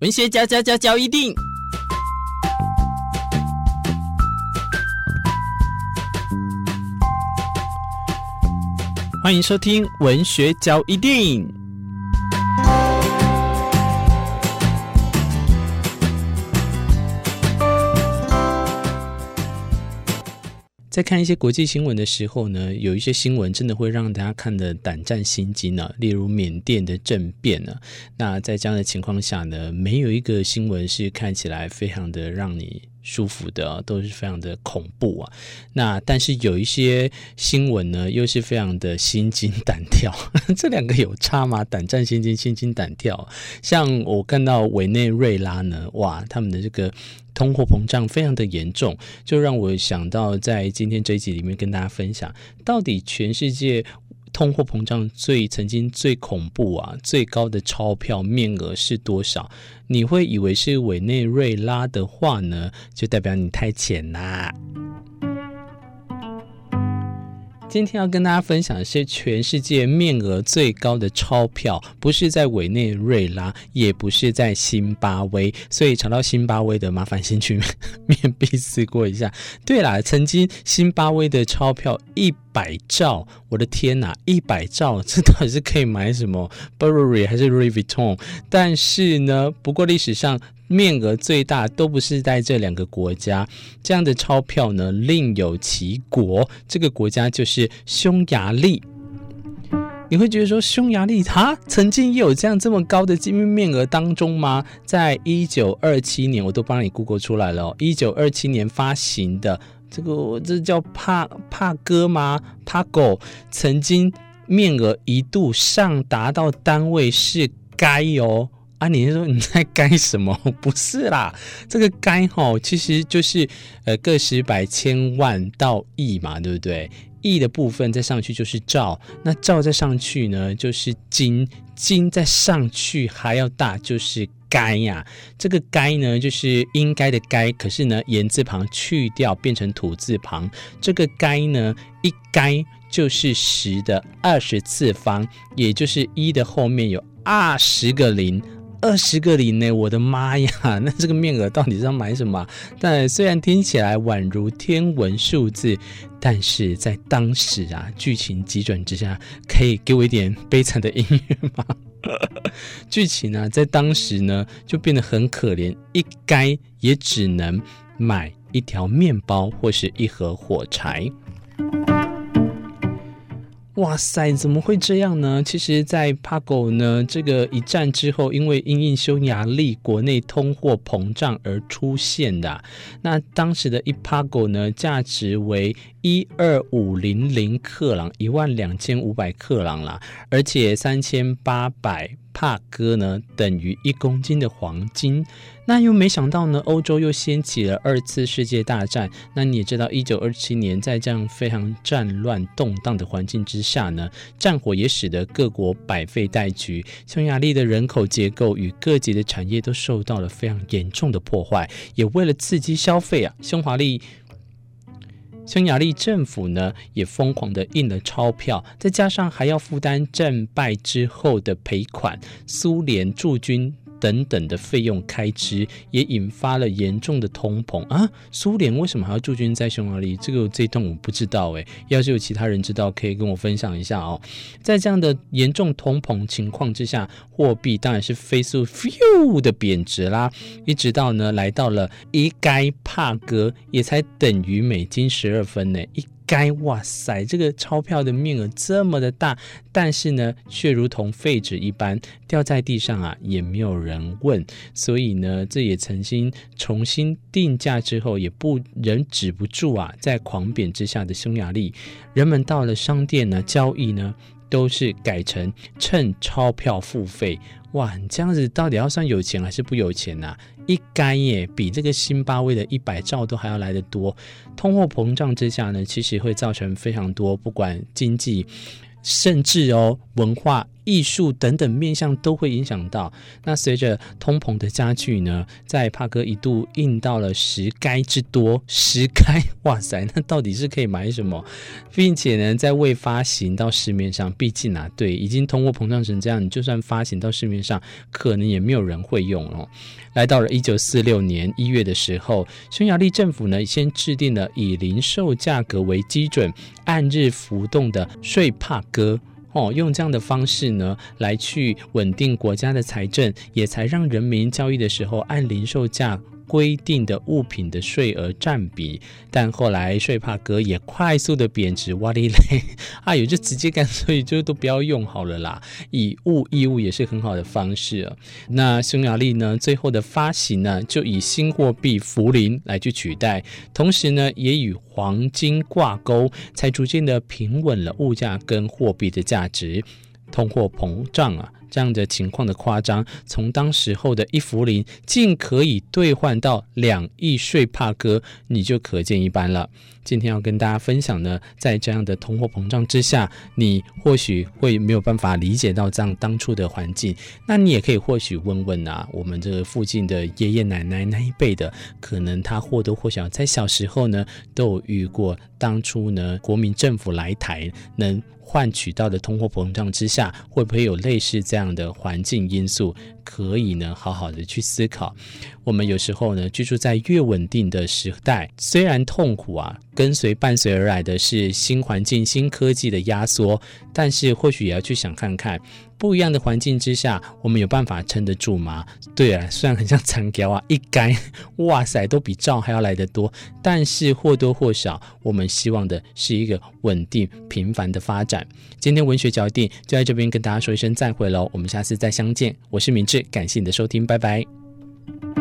文學嚼嚼嚼嚼一定，歡迎收聽《文學嚼一定》。在看一些國際新聞的時候呢，有一些新聞真的會讓大家看得膽戰心驚啊，例如緬甸的政變呢。那在這樣的情況下呢，沒有一個新聞是看起來非常的讓你。舒服的、啊、都是非常的恐怖啊，那但是有一些新聞呢，又是非常的心驚膽跳。 這兩個有差嗎？膽戰心驚、心驚膽跳。像我看到委內瑞拉呢，哇，他們的這個通貨膨脹非常的嚴重，就讓我想到在今天這一集裡面跟大家分享，到底全世界。通貨膨脹最曾經最恐怖啊，最高的鈔票面額是多少？你會以為是委內瑞拉的話呢，就代表你太淺啦。今天要跟大家分享的是全世界面額最高的鈔票，不是在委內瑞拉，也不是在辛巴威。所以查到辛巴威的，麻煩先去面，面壁思過一下。對啦，曾經辛巴威的鈔票一百兆，我的天哪，一百兆，這到底是可以買什麼？Burberry 還是 Rivetone？但是呢，不過歷史上。面額最大都不是在這兩個國家，這樣的鈔票呢另有其國，這個國家就是匈牙利。你會覺得說匈牙利它曾經也有這樣這麼高的金面額當中嗎？在一九二七年，我都幫你 Google 出來了哦。一九二七年發行的這個這叫帕帕哥嗎？帕狗曾經面額一度上達到單位是該哦。啊，你是說你在“該”什麼？不是啦，這個“該”哈，其實就是呃，個十百千萬到億嘛，對不對？億的部分再上去就是兆，那兆再上去呢就是京。京再上去還要大就是垓呀、啊。這個“垓”呢，就是應該的“該”，可是呢，言字旁去掉變成土字旁，這個“垓”呢，一垓就是十的二十次方，也就是一的後面有二十個零。二十個零呢，我的媽呀！那這個面額到底是要買什麼？啊？但雖然聽起來宛如天文數字，但是在當時啊，劇情急轉之下，可以給我一點悲慘的音樂嗎？ 劇情呢、啊，在當時呢，就變得很可憐，一該也只能買一條麵包或是一盒火柴。哇塞，怎麼會這樣呢？其實在呢，在帕狗呢這個一戰之後，因為因應匈牙利國內通貨膨脹而出現的，那當時的一帕狗呢，價值為12500克朗，一萬兩千五百克朗啦，而且三千八百。帕哥呢等於一公斤的黃金，那又沒想到呢，歐洲又掀起了二次世界大戰。那你也知道，一九二七年在這樣非常戰亂動盪的環境之下呢，戰火也使得各國百廢待舉。匈牙利的人口結構與各級的產業都受到了非常嚴重的破壞，也為了刺激消費啊，匈牙利。匈牙利政府呢，也瘋狂的印了鈔票，再加上還要負擔戰敗之後的賠款，蘇聯駐軍。等等的費用開支也引發了嚴重的通膨啊！蘇聯為什麼還要駐軍在匈牙利？這個這一段我不知道誒、欸，要是有其他人知道，可以跟我分享一下哦、喔。在這樣的嚴重通膨情況之下，貨幣當然是飛速 few 的貶值啦，一直到呢來到了一垓帕格，也才等於美金十二分呢、欸、一。該，哇塞，這個鈔票的面額這麼的大，但是呢，卻如同廢紙一般掉在地上啊，也沒有人問。所以呢，這也曾經重新定價之後，也不仍止不住啊，在狂貶之下的匈牙利，人們到了商店呢、啊，交易呢。都是改成秤鈔票付費，哇！你這樣子到底要算有錢還是不有錢吶、啊？一干耶，比這個辛巴威的一百兆都還要來得多。通貨膨脹之下呢，其實會造成非常多，不管經濟，甚至哦。文化、藝術等等面向都會影響到。那隨着通膨的加劇呢，在帕哥一度印到了十垓之多，十垓，哇塞，那到底是可以買什麼？並且呢，在未發行到市面上，畢竟啊，對，已經通貨膨脹成這樣，你就算發行到市面上，可能也沒有人會用哦。來到了一九四六年一月的時候，匈牙利政府呢，先制定了以零售價格為基準，按日浮動的稅帕哥。哦，用這樣的方式呢，來去穩定國家的財政，也才讓人民交易的時候按零售價。規定的物品的稅額占比，但後來稅帕哥也快速的貶值，哇哩嘞，啊有就直接乾脆就都不要用好了啦。以物易物也是很好的方式啊。那匈牙利呢，最後的發行呢，就以新貨幣福林來去取代，同時呢，也與黃金掛鈎，才逐漸的平穩了物價跟貨幣的價值。通貨膨脹啊，這樣的情況的誇張，從當時候的一福林竟可以兌換到兩億稅帕哥，你就可見一斑了。今天要跟大家分享呢，在這樣的通貨膨脹之下，你或許會沒有辦法理解到這樣當初的環境。那你也可以或許問問啊，我們這個附近的爺爺奶、奶奶那一輩的，可能他或多或少在小時候呢，都有遇過當初呢國民政府來台能。換取到的通貨膨脹之下，會不會有類似這樣的環境因素，可以呢好好的去思考？我們有時候呢居住在越穩定的時代，雖然痛苦啊。跟隨伴隨而來的是新環境、新科技的壓縮，但是或許也要去想看看，不一樣的環境之下，我們有辦法撐得住嗎？對啊，雖然很像殘條啊，一竿，哇塞，都比照還要來得多，但是或多或少，我們希望的是一個穩定、平凡的發展。今天文學腳印就在這邊跟大家說一聲再會嘍，我們下次再相見。我是明智，感謝你的收聽，拜拜。